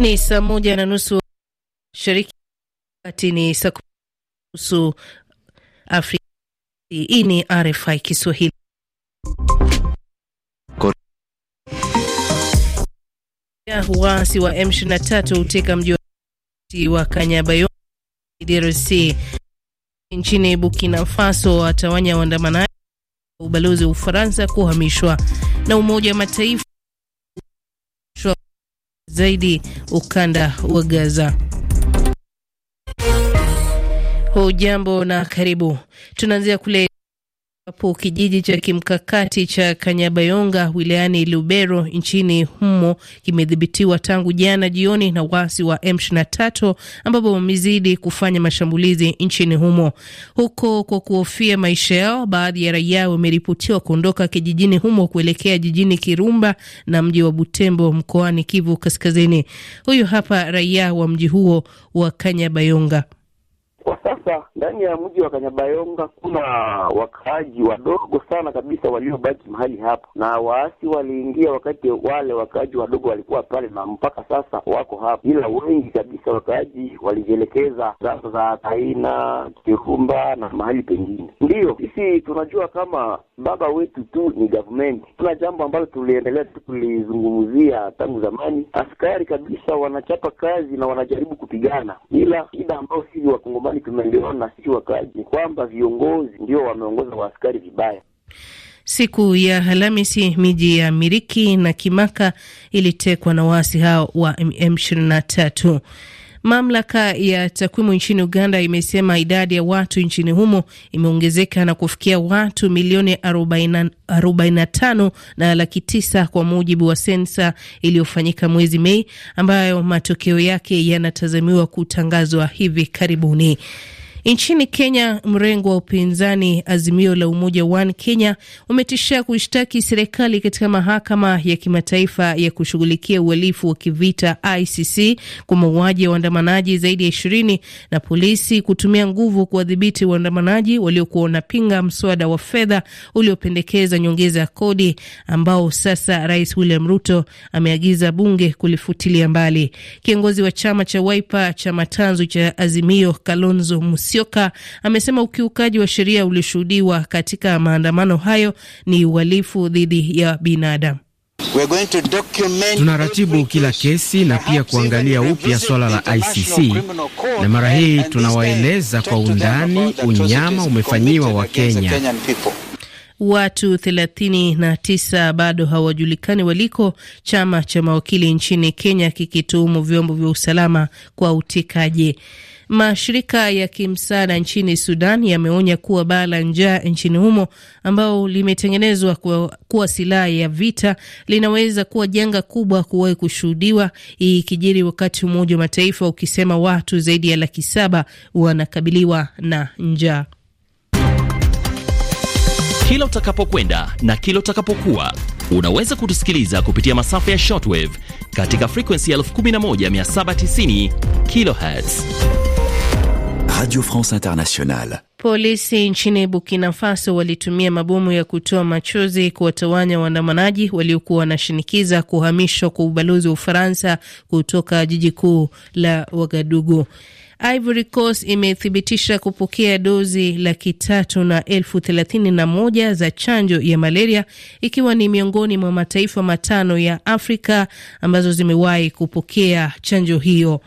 Ni saa moja na nusu shariki kati, ni saa kumi na nusu Afrika. Hii ni RFI Kiswahili. Waasi wa M23 huteka mji wa Kanyabayonga DRC. Nchini Burkina Faso watawanya waandamanaji wa ubalozi wa Ufaransa kuhamishwa. Na Umoja wa Mataifa zaidi ukanda wa Gaza. Hujambo na karibu. Tunaanzia kule hapo kijiji cha kimkakati cha Kanyabayonga wilayani Lubero nchini humo kimedhibitiwa tangu jana jioni na waasi wa M23 ambapo wamezidi kufanya mashambulizi nchini humo. Huko kwa kuhofia maisha yao, baadhi ya raia wameripotiwa kuondoka kijijini humo kuelekea jijini Kirumba na mji wa Butembo mkoani Kivu Kaskazini. Huyu hapa raia wa mji huo wa Kanyabayonga ndani ya mji wa Kanyabayonga kuna wakaaji wadogo sana kabisa waliobaki mahali hapo, na waasi waliingia wakati wale wakaaji wadogo walikuwa pale, na mpaka sasa wako hapo, ila wengi kabisa wakaaji walijielekeza sasa za Taina, Kirumba na mahali pengine. Ndiyo sisi tunajua kama baba wetu tu ni government. Kuna jambo ambalo tuliendelea tu kulizungumzia tangu zamani, askari kabisa wanachapa kazi na wanajaribu kupigana, ila shida ambayo sisi wakongomani tumeliona kuwahamasisha wakazi kwamba viongozi ndio wameongoza askari vibaya. Siku ya Alhamisi miji ya Miriki na Kimaka ilitekwa na waasi hao wa M23. Mamlaka ya takwimu nchini Uganda imesema idadi ya watu nchini humo imeongezeka na kufikia watu milioni 45 na laki tisa kwa mujibu wa sensa iliyofanyika mwezi Mei, ambayo matokeo yake yanatazamiwa kutangazwa hivi karibuni. Nchini Kenya, mrengo wa upinzani Azimio la Umoja One Kenya umetishia kuishtaki serikali katika mahakama ya kimataifa ya kushughulikia uhalifu wa kivita ICC kwa mauaji ya waandamanaji zaidi ya ishirini na polisi kutumia nguvu kuwadhibiti waandamanaji waliokuwa wanapinga mswada wa fedha uliopendekeza nyongeza ya kodi ambao sasa Rais William Ruto ameagiza bunge kulifutilia mbali. Kiongozi wa chama cha waipa cha matanzo cha Azimio Kalonzo Musi Musyoka amesema ukiukaji wa sheria ulioshuhudiwa katika maandamano hayo ni uhalifu dhidi ya binadamu. Tunaratibu kila kesi na pia kuangalia upya swala la ICC, na mara hii tunawaeleza kwa undani unyama umefanyiwa wa kenya Watu 39 bado hawajulikani waliko, chama cha mawakili nchini Kenya kikituhumu vyombo vya usalama kwa utekaji. Mashirika ya kimsaada nchini Sudan yameonya kuwa baa la njaa nchini humo ambao limetengenezwa kuwa, kuwa silaha ya vita linaweza kuwa janga kubwa kuwahi kushuhudiwa. Hii ikijiri wakati Umoja wa Mataifa ukisema watu zaidi ya laki saba wanakabiliwa na njaa. Kila utakapokwenda na kila utakapokuwa unaweza kutusikiliza kupitia masafa ya shortwave katika frequency 11790 kilohertz Radio France Internationale. Polisi nchini Burkina Faso walitumia mabomu ya kutoa machozi kuwatawanya waandamanaji waliokuwa wanashinikiza kuhamishwa kwa ubalozi wa Ufaransa kutoka jiji kuu la Wagadugu. Ivory Coast imethibitisha kupokea dozi laki tatu na elfu thelathini na moja za chanjo ya malaria ikiwa ni miongoni mwa mataifa matano ya Afrika ambazo zimewahi kupokea chanjo hiyo.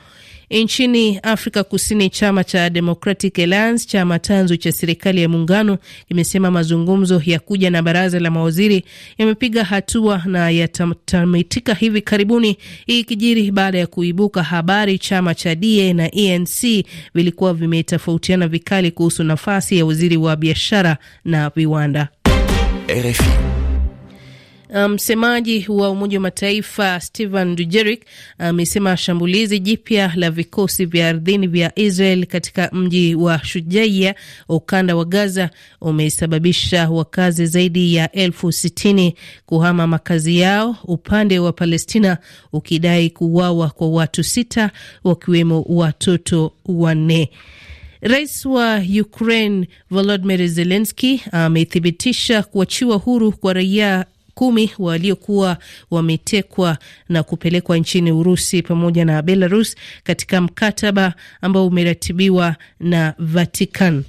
Nchini Afrika Kusini, chama cha Democratic Alliance, chama tanzu cha serikali ya muungano, imesema mazungumzo ya kuja na baraza la mawaziri yamepiga hatua na yatamitika hivi karibuni. Hii ikijiri baada ya kuibuka habari chama cha DA na ANC e vilikuwa vimetofautiana vikali kuhusu nafasi ya waziri wa biashara na viwanda. RFI. Uh, msemaji um, wa Umoja wa Mataifa Stephane dujerik amesema um, shambulizi jipya la vikosi vya ardhini vya Israel katika mji wa shujaia ukanda wa Gaza, umesababisha wakazi zaidi ya elfu sitini kuhama makazi yao, upande wa Palestina ukidai kuuawa kwa watu sita, wakiwemo watoto wanne. Rais wa Ukraine Volodymyr Zelensky amethibitisha kuachiwa huru kwa raia kumi waliokuwa wametekwa na kupelekwa nchini Urusi pamoja na Belarus katika mkataba ambao umeratibiwa na Vatican.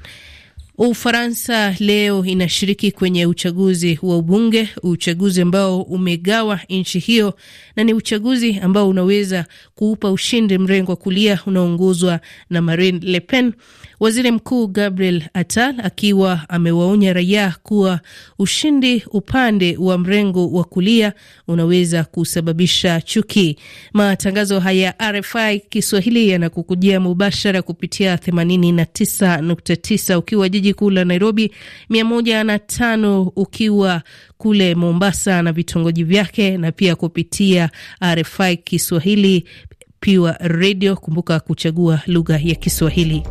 Ufaransa leo inashiriki kwenye uchaguzi wa ubunge, uchaguzi ambao umegawa nchi hiyo na ni uchaguzi ambao unaweza kuupa ushindi mrengo wa kulia unaoongozwa na Marine Le Pen, Waziri Mkuu Gabriel Attal akiwa amewaonya raia kuwa ushindi upande wa mrengo wa kulia unaweza kusababisha chuki. Matangazo haya RFI Kiswahili yanakukujia mubashara kupitia 89.9 ukiwa jiji kuu la Nairobi, 105 ukiwa kule Mombasa na vitongoji vyake, na pia kupitia RFI Kiswahili Pure Radio. Kumbuka kuchagua lugha ya Kiswahili.